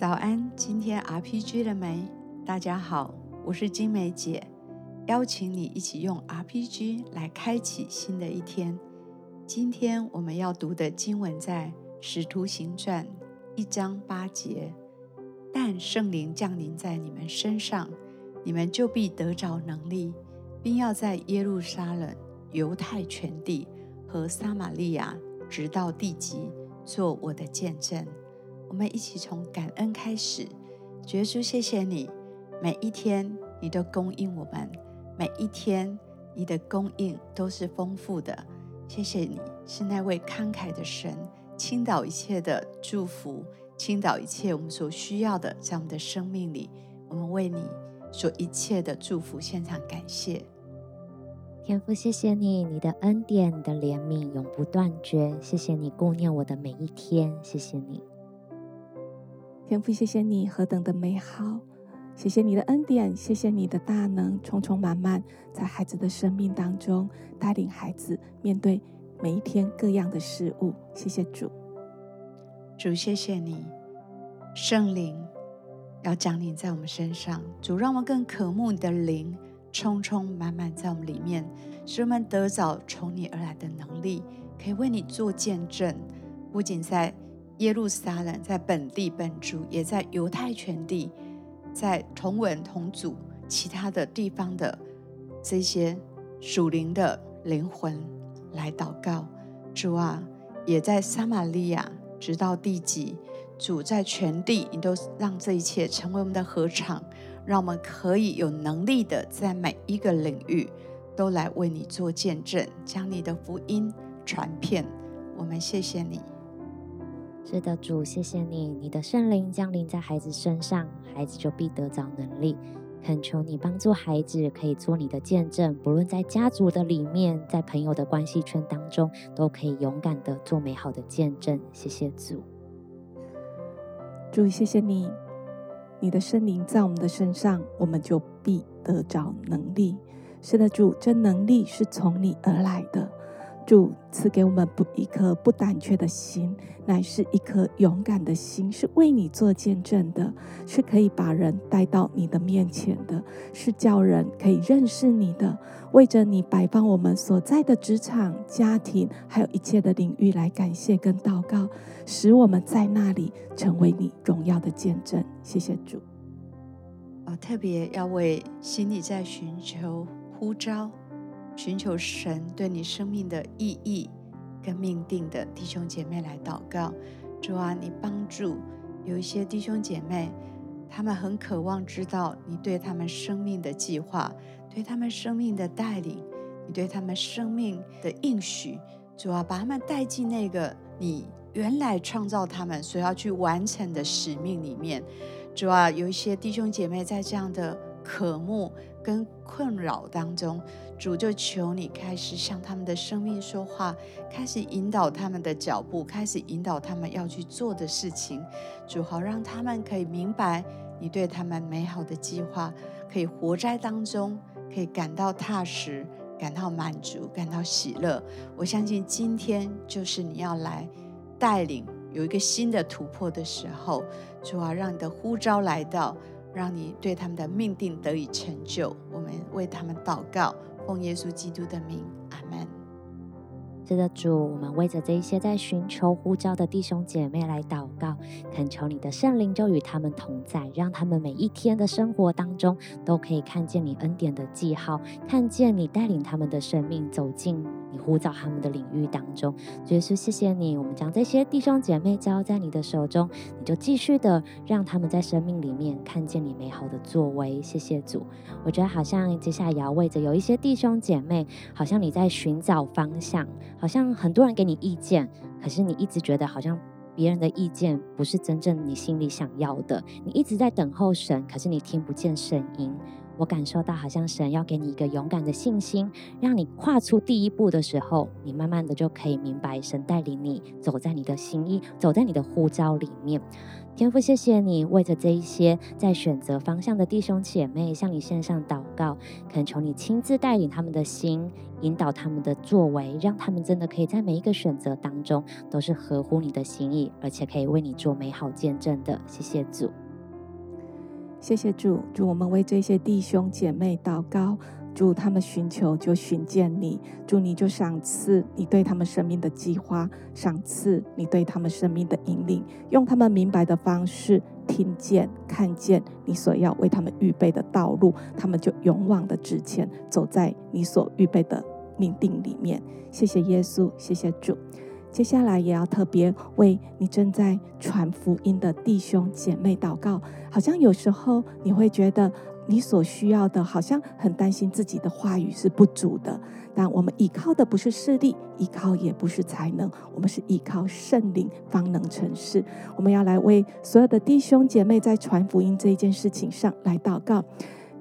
早安，今天 RPG 了沒？大家好，我是晶玫姊，邀請你一起用 RPG 來開啟新的一天。今天我們要讀的經文在《使徒行傳》一章八節：但聖靈降臨在你們身上，你們就必得着能力，並要在耶路撒冷、猶太全地和撒瑪利亞，直到地極，作我的見證。我們一起從感恩開始，耶穌，謝謝你，每一天你都供應我們，每一天你的供應都是豐富的。謝謝你是那位慷慨的神，傾倒一切的祝福，傾倒一切我們所需要的，在我們的生命裡，我們為你所一切的祝福獻上感謝。天父，謝謝你，你的恩典，你的憐憫永不斷絕，謝謝你顧念我的每一天，謝謝你。天父，謝謝你何等的美好，謝謝你的恩典，謝謝你的大能，充充滿滿，在孩子的生命當中，帶領孩子面對每一天各樣的事物。謝謝主，主謝謝你，聖靈要降臨在我們身上，主讓我們更渴慕你的靈，充充滿滿，在我們裡面，使我們得着從你而來的能力，可以為你做見證，不僅在。耶路撒冷，在本地本族，也在猶太全地，在同文同祖其他的地方的這些屬靈的靈魂來禱告。主啊，也在撒瑪利亞，直到地極，主在全地，你都讓這一切成為我們的禾場，讓我們可以有能力的在每一個領域都來為你做見證，將你的福音傳遍。我們謝謝你。是的，主，謝謝你，你的聖靈降臨在孩子身上，孩子就必得著能力。懇求你幫助孩子，可以做你的見證，不論在家族的裡面，在朋友的關係圈當中，都可以勇敢的做美好的見證。謝謝主，主，謝謝你，你的聖靈在我們的身上，我們就必得著能力。是的，主，這能力是從你而來的。主賜給我們不一顆不膽怯的心，乃是一顆勇敢的心，是為你做見證的，是可以把人帶到你的面前的，是叫人可以認識你的。為着你擺放我們所在的職場、家庭，還有一切的領域來感謝跟禱告，使我們在那裡成為你榮耀的見證。謝謝主。啊，特別要為心裡在尋求呼召。尋求神對你生命的意義跟命定的弟兄姐妹來禱告，主啊，你幫助有一些弟兄姐妹，他們很渴望知道你對他們生命的計劃，對他們生命的帶領，你對他們生命的應許。主啊，把他們帶進那個你原來創造他們所要去完成的使命裡面。主啊，有一些弟兄姐妹在這樣的。渴慕跟困擾當中，主，就求你開始向他們的生命說話，開始引導他們的腳步，開始引導他們要去做的事情。主，好讓他們可以明白你對他們美好的計劃，可以活在當中，可以感到踏實，感到滿足，感到喜樂。我相信今天就是你要來帶領有一個新的突破的時候。主啊，讓你的呼召來到，讓你對他們的命定得以成就，我們為他們禱告，奉耶穌基督的名，阿門。這個主，我們為着這些在尋求呼召的弟兄姐妹來禱告，懇求你的聖靈就與他們同在，讓他們每一天的生活當中都可以看見你恩典的記號，看見你帶領他們的生命走進你呼召他們的領域當中，就是謝謝你，我們將這些弟兄姐妹交在你的手中，你就繼續的讓他們在生命裡面看見你美好的作為。謝謝主，我覺得好像接下來也要為着有一些弟兄姐妹，好像你在尋找方向，好像很多人給你意見，可是你一直覺得好像別人的意見不是真正你心裡想要的，你一直在等候神，可是你聽不見聲音。我感受到，好像神要給你一個勇敢的信心，讓你跨出第一步的時候，你慢慢的就可以明白神帶領你走在你的心意，走在你的呼召裡面。天父，謝謝你，為着這一些在選擇方向的弟兄姐妹，向你獻上禱告，懇求你親自帶領他們的心，引導他們的作為，讓他們真的可以在每一個選擇當中都是合乎你的心意，而且可以為你做美好見證的。謝謝主。謝謝主，主我們為這些弟兄姐妹禱告，主他們尋求就尋見你，主你就賞賜你對他們生命的計劃，賞賜你對他們生命的引領，用他們明白的方式聽見看見你所要為他們預備的道路，他們就勇往的直前，走在你所預備的命定裡面。謝謝耶穌，謝謝主。接下來也要特別為你正在傳福音的弟兄姐妹禱告。好像有時候你會覺得你所需要的，好像很擔心自己的話語是不足的。但我們依靠的不是勢力，依靠也不是才能，我們是依靠聖靈方能成事。我們要來為所有的弟兄姐妹在傳福音這件事情上來禱告。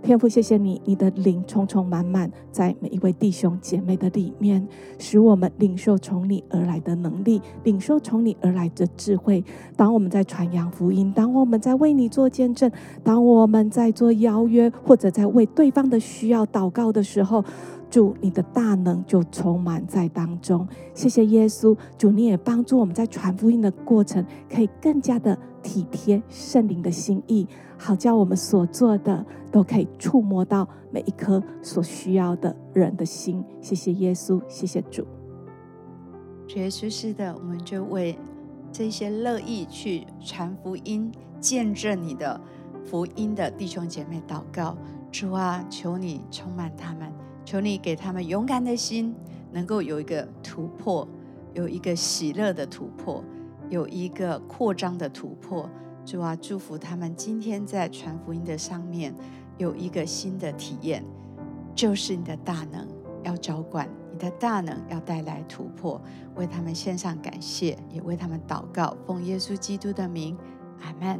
天父，謝謝你，你的靈充充滿滿在每一位弟兄姐妹的裡面，使我們領受從你而來的能力，領受從你而來的智慧。當我們在傳揚福音，當我們在為你做見證，當我們在做邀約，或者在為對方的需要禱告的時候。主，你的大能就充滿在當中，謝謝耶穌。主，你也幫助我們在傳福音的過程，可以更加的體貼聖靈的心意，好叫我們所做的都可以觸摸到每一顆所需要的人的心。謝謝耶穌，謝謝主。主耶穌是的，我們就為這些樂意去傳福音、見證你的福音的弟兄姐妹禱告。主啊，求你充滿他們。求你給他們勇敢的心，能夠有一個突破，有一個喜樂的突破，有一個擴張的突破。主啊，祝福他們今天在傳福音的上面有一個新的體驗，就是你的大能要掌管，你的大能要帶來突破。為他們獻上感謝，也為他們禱告。奉耶穌基督的名，阿門。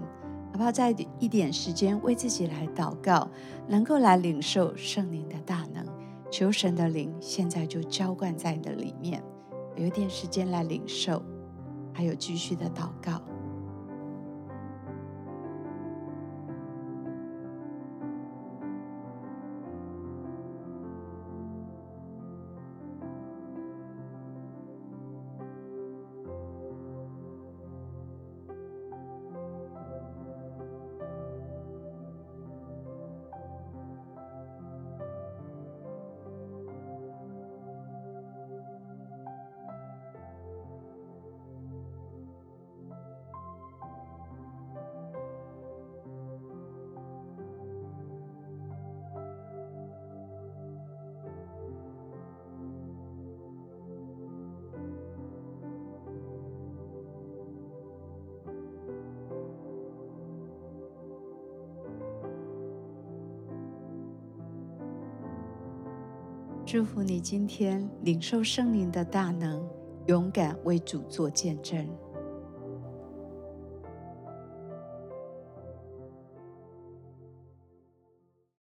哪怕在一點一點時間為自己來禱告，能夠來領受聖靈的大能。求神的靈現在就澆灌在你的裡面，留點時間來領受，還有繼續的禱告。祝福你今天領受聖靈的大能，勇敢為主做見證。